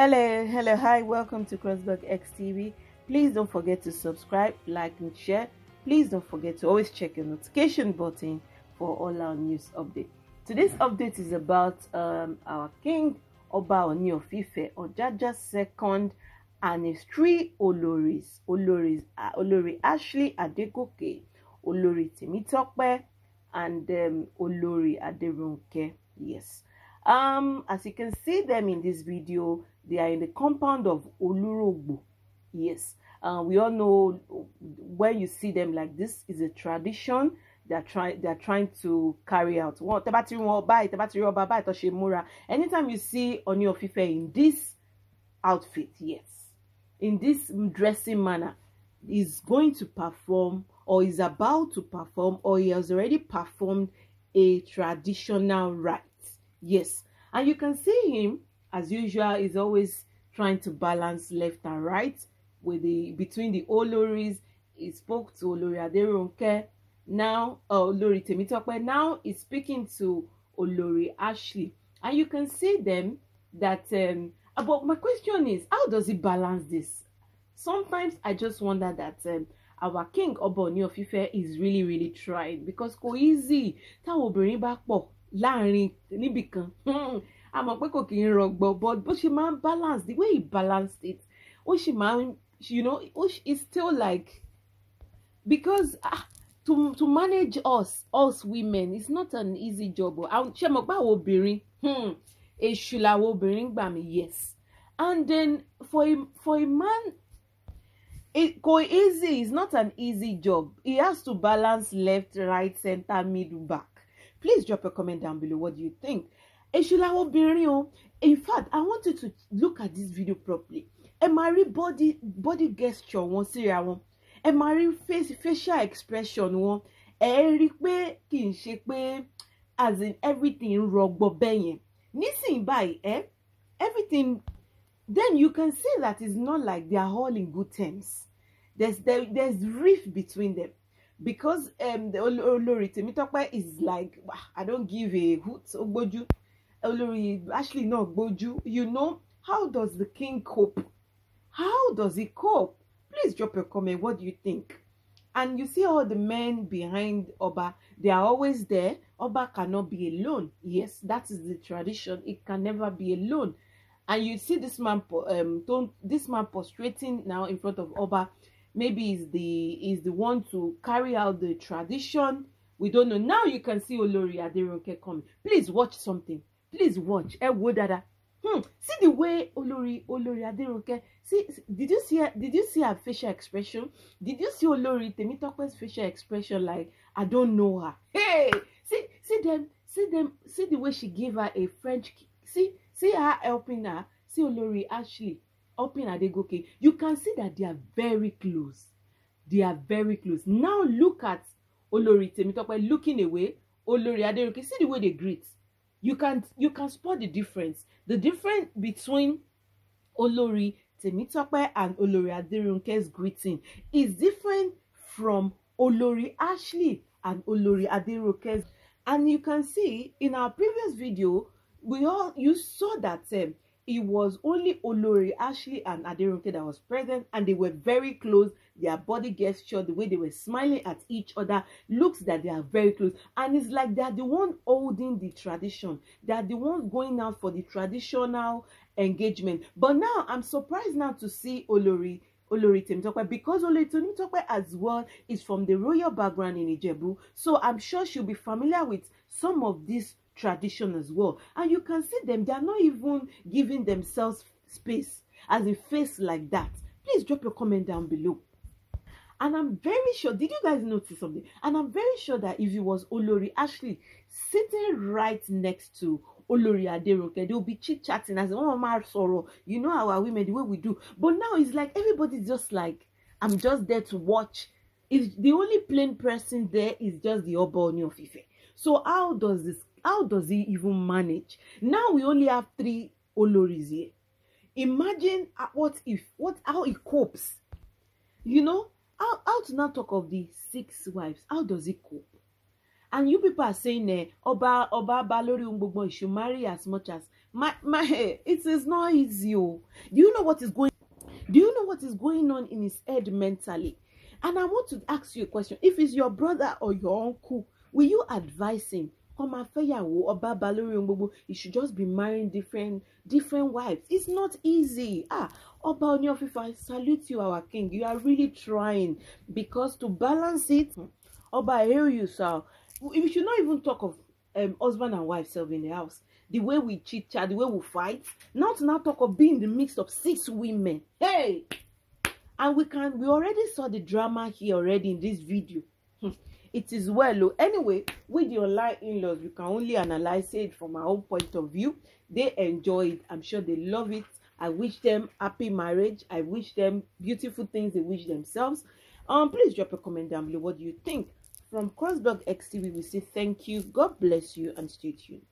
hello hello hi welcome to crossblog x tv please don't forget to subscribe like and share please don't forget to always check your notification button for all our news updates today's update is about um, our king ọba Ọọ̀ni of Ife Ọjájá second and his three oloris oloris uh, olori Ashley Adegoke olori Temitope and um, olori Aderonke yes Um, as you can see them in this video, they are in the compound of Olurogbo. Yes, uh, we all know when you see them like this is a tradition they're trying they're trying to carry out. Anytime you see Oni Ofife in this outfit, yes, in this dressing manner, is going to perform or is about to perform or he has already performed a traditional rite. Yes. And you can see him, as usual, is always trying to balance left and right with the between the Oloris. He spoke to Olori Aderonke. Now, uh, Olori Temitope. Now he's speaking to Olori Ashley. And you can see them that. Um, but my question is, how does he balance this? Sometimes I just wonder that. Um, our king Obonio of Ifẹ̀ is really really trying because kò easy will bring back láàrin níbì kan hmm. a mọ̀ pé kò kì í rọgbọ but bó ṣe máa ń balance the way he balanced it ó ṣì máa ń you know is still like because ah, to to manage us us women it's not an easy job o ṣe mọ̀ pé àwọn obìnrin hmm, èṣù làwọn obìnrin gbà mí yes and then for a for a man it go easy it's not an easy job he has to balance left right center middle back please drop a comment down below what do you think èṣùlà obìnrin o in fact i want you to look at this video properly ẹ máa body body gesture wọn síra wọn ẹ máa face facial expression wọn ẹ rí i pé kì í ṣe pé as in everything rọgbọ bẹ́ẹ̀ yẹn nísìnyí báyìí ẹ everything then you can see that it's not like they are all in good terms there's there, there's rift between them because um, the olórí Temitope is like i don't give a hoot ogboju olórí actually no gbójú you know how does the king cope how does he cope please drop a comment what do you think and you see all the men behind Oba they are always there Oba cannot be alone yes that is the tradition it can never be alone and you see this man um, this man prostrating now in front of Oba maybe is the is the one to carry out the tradition we don't know now you can see olori aderonke coming please watch something please watch ẹ wo dada hmm see the way olori olori aderonke see did you see did you see her facial expression did you see olori temitope's facial expression like i don't know her hey see see them see them see the way she gave her a french see see her helping her see olori ashley helping Adegoke, you can see that they are very close. They are very close. Now look at Olori Temitope looking away. Olori Adegoke, see the way they greet. You can you can spot the difference. The difference between Olori Temitope and Olori Aderonke's greeting is different from Olori Ashley and Olori Aderonke's. And you can see in our previous video, we all you saw that um, it was only Olori Ashley and Aderonke that was present and they were very close their body gesture the way they were smiling at each other looks that they are very close and it's like they're the one holding the tradition they're the one going out for the traditional engagement but now I'm surprised now to see Olori Olori Temitope because Olori Temitope as well is from the royal background in Ijebu so I'm sure she'll be familiar with some of these tradition as well. And you can see them, they are not even giving themselves space as a face like that. Please drop your comment down below. And I'm very sure, did you guys notice something? And I'm very sure that if it was Olori Ashley sitting right next to Olori Aderoke, they'll be chit chatting as oh my sorrow. You know how our women the way we do. But now it's like everybody's just like, I'm just there to watch. If the only plain person there is just the Oba Fife. So how does this how does he even manage? Now we only have three Oloris here. Imagine uh, what if what how he copes. You know, how, how to now talk of the six wives? How does he cope? And you people are saying, eh, Oba Oba Balori Umbogbo, you should marry as much as my my it is not easy. Oh. Do you know what is going do you know what is going on in his head mentally? And I want to ask you a question. If it's your brother or your uncle, will you advise him wọ́n máa fẹ́yàwó ọba ba lórí ohun gbogbo you should just be marrying different different wives it's not easy ah ọba oní ọfífà I salute you our king you are really trying because to balance it ọba I hail you sir we should not even talk of um, husband and wife sef in the house the way we chit chat the way we fight now to now talk of being the mix of six women hey and we can we already saw the drama here already in this video hmm. it is well oh. anyway with your online in-laws you can only analyze it from our own point of view they enjoy it i'm sure they love it i wish them happy marriage i wish them beautiful things they wish themselves um please drop a comment down below what do you think from crossblog xt we will say thank you god bless you and stay tuned